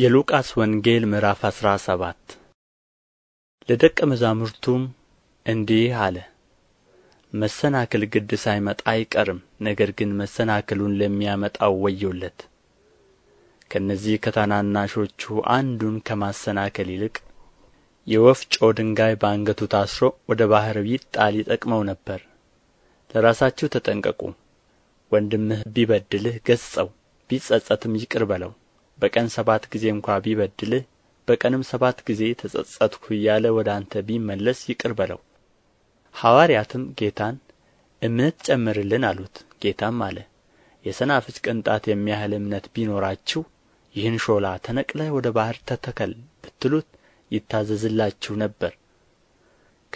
የሉቃስ ወንጌል ምዕራፍ አስራ ሰባት ለደቀ መዛሙርቱም እንዲህ አለ። መሰናክል ግድ ሳይመጣ አይቀርም፣ ነገር ግን መሰናክሉን ለሚያመጣው ወዮለት። ከእነዚህ ከታናናሾቹ አንዱን ከማሰናከል ይልቅ የወፍጮ ድንጋይ በአንገቱ ታስሮ ወደ ባሕር ቢጣል ይጠቅመው ነበር። ለራሳችሁ ተጠንቀቁ። ወንድምህ ቢበድልህ ገሥጸው፣ ቢጸጸትም ይቅር በለው። በቀን ሰባት ጊዜ እንኳ ቢበድልህ በቀንም ሰባት ጊዜ ተጸጸትሁ እያለ ወደ አንተ ቢመለስ ይቅር በለው ሐዋርያትም ጌታን እምነት ጨምርልን አሉት ጌታም አለ የሰናፍጭ ቅንጣት የሚያህል እምነት ቢኖራችሁ ይህን ሾላ ተነቅለህ ወደ ባሕር ተተከል ብትሉት ይታዘዝላችሁ ነበር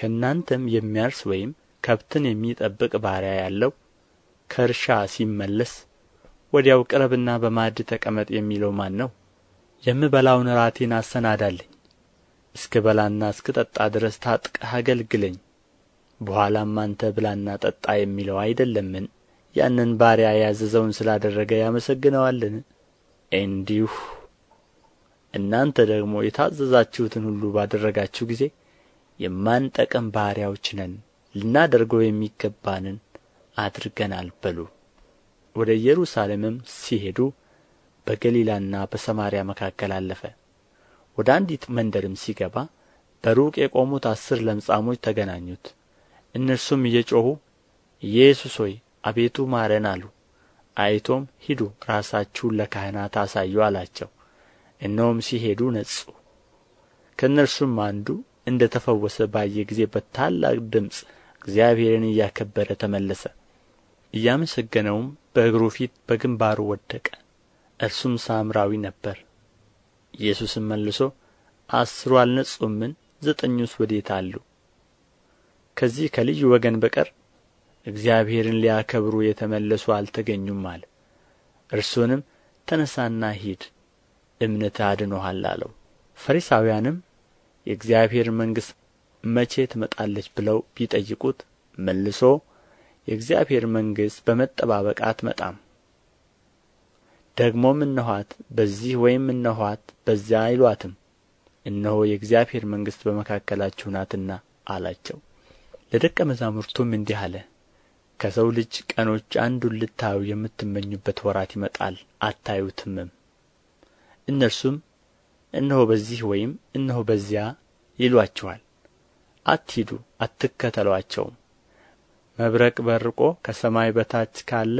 ከእናንተም የሚያርስ ወይም ከብትን የሚጠብቅ ባሪያ ያለው ከእርሻ ሲመለስ ወዲያው ቅረብና በማዕድ ተቀመጥ የሚለው ማን ነው? የምበላውን ራቴን አሰናዳልኝ፣ እስከ ጠጣ ድረስ ታጥቀህ አገልግለኝ፣ በኋላም አንተ ብላና ጠጣ የሚለው አይደለምን? ያንን ባሪያ ያዘዘውን ስላደረገ ያመሰግነዋልን? እንዲሁ እናንተ ደግሞ የታዘዛችሁትን ሁሉ ባደረጋችሁ ጊዜ የማንጠቅም ባሪያዎች ነን፣ ልናደርገው የሚገባንን አድርገናል በሉ። ወደ ኢየሩሳሌምም ሲሄዱ በገሊላና በሰማርያ መካከል አለፈ ወደ አንዲት መንደርም ሲገባ በሩቅ የቆሙት አስር ለምጻሞች ተገናኙት እነርሱም እየጮኹ ኢየሱስ ሆይ አቤቱ ማረን አሉ አይቶም ሂዱ ራሳችሁን ለካህናት አሳዩ አላቸው እነሆም ሲሄዱ ነጹ ከእነርሱም አንዱ እንደ ተፈወሰ ባየ ጊዜ በታላቅ ድምፅ እግዚአብሔርን እያከበረ ተመለሰ እያመሰገነውም በእግሩ ፊት በግንባሩ ወደቀ እርሱም ሳምራዊ ነበር! ኢየሱስም መልሶ አስሩ አልነጹምን ዘጠኙስ ወዴት አሉ ከዚህ ከልዩ ወገን በቀር እግዚአብሔርን ሊያከብሩ የተመለሱ አልተገኙም አለ እርሱንም ተነሳና ሂድ እምነትህ አድኖሃል አለው ፈሪሳውያንም የእግዚአብሔር መንግሥት መቼ ትመጣለች ብለው ቢጠይቁት መልሶ የእግዚአብሔር መንግሥት በመጠባበቅ አትመጣም ደግሞም እነኋት በዚህ ወይም እነኋት በዚያ አይሏትም፣ እነሆ የእግዚአብሔር መንግሥት በመካከላችሁ ናትና አላቸው ለደቀ መዛሙርቱም እንዲህ አለ ከሰው ልጅ ቀኖች አንዱን ልታዩ የምትመኙበት ወራት ይመጣል አታዩትምም እነርሱም እነሆ በዚህ ወይም እነሆ በዚያ ይሏችኋል አትሂዱ አትከተሏቸውም መብረቅ በርቆ ከሰማይ በታች ካለ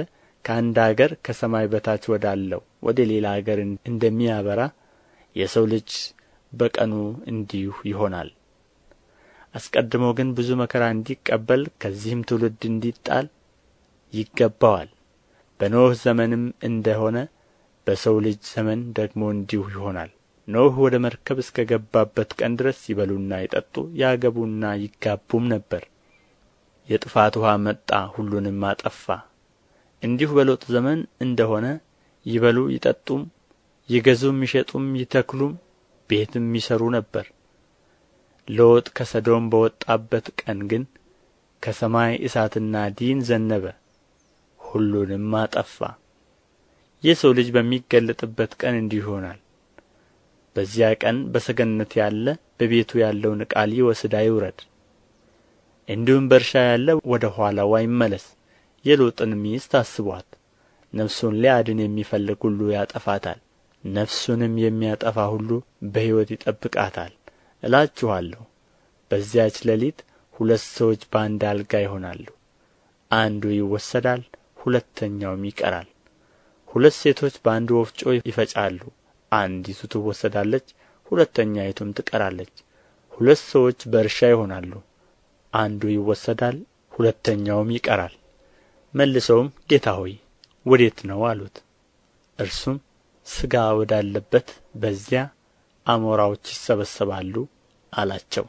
ከአንድ አገር ከሰማይ በታች ወዳለው ወደ ሌላ አገር እንደሚያበራ የሰው ልጅ በቀኑ እንዲሁ ይሆናል። አስቀድሞ ግን ብዙ መከራ እንዲቀበል ከዚህም ትውልድ እንዲጣል ይገባዋል። በኖኅ ዘመንም እንደሆነ በሰው ልጅ ዘመን ደግሞ እንዲሁ ይሆናል። ኖኅ ወደ መርከብ እስከ ገባበት ቀን ድረስ ይበሉና ይጠጡ ያገቡና ይጋቡም ነበር። የጥፋት ውሃ መጣ ሁሉንም አጠፋ እንዲሁ በሎጥ ዘመን እንደሆነ ይበሉ ይጠጡም ይገዙም ይሸጡም ይተክሉም ቤትም ይሰሩ ነበር ሎጥ ከሰዶም በወጣበት ቀን ግን ከሰማይ እሳትና ዲን ዘነበ ሁሉንም አጠፋ የሰው ልጅ በሚገለጥበት ቀን እንዲሁ ይሆናል በዚያ ቀን በሰገነት ያለ በቤቱ ያለውን ቃል ይወስዳ አይውረድ እንዲሁም በእርሻ ያለ ወደ ኋላው አይመለስ የሎጥን ሚስት አስቧት። ነፍሱን ሊያድን የሚፈልግ ሁሉ ያጠፋታል ነፍሱንም የሚያጠፋ ሁሉ በሕይወት ይጠብቃታል እላችኋለሁ በዚያች ሌሊት ሁለት ሰዎች በአንድ አልጋ ይሆናሉ አንዱ ይወሰዳል ሁለተኛውም ይቀራል ሁለት ሴቶች በአንድ ወፍጮ ይፈጫሉ አንዲቱ ትወሰዳለች ሁለተኛይቱም ትቀራለች ሁለት ሰዎች በእርሻ ይሆናሉ አንዱ ይወሰዳል ሁለተኛውም ይቀራል መልሰውም ጌታ ሆይ ወዴት ነው አሉት እርሱም ሥጋ ወዳለበት በዚያ አሞራዎች ይሰበሰባሉ አላቸው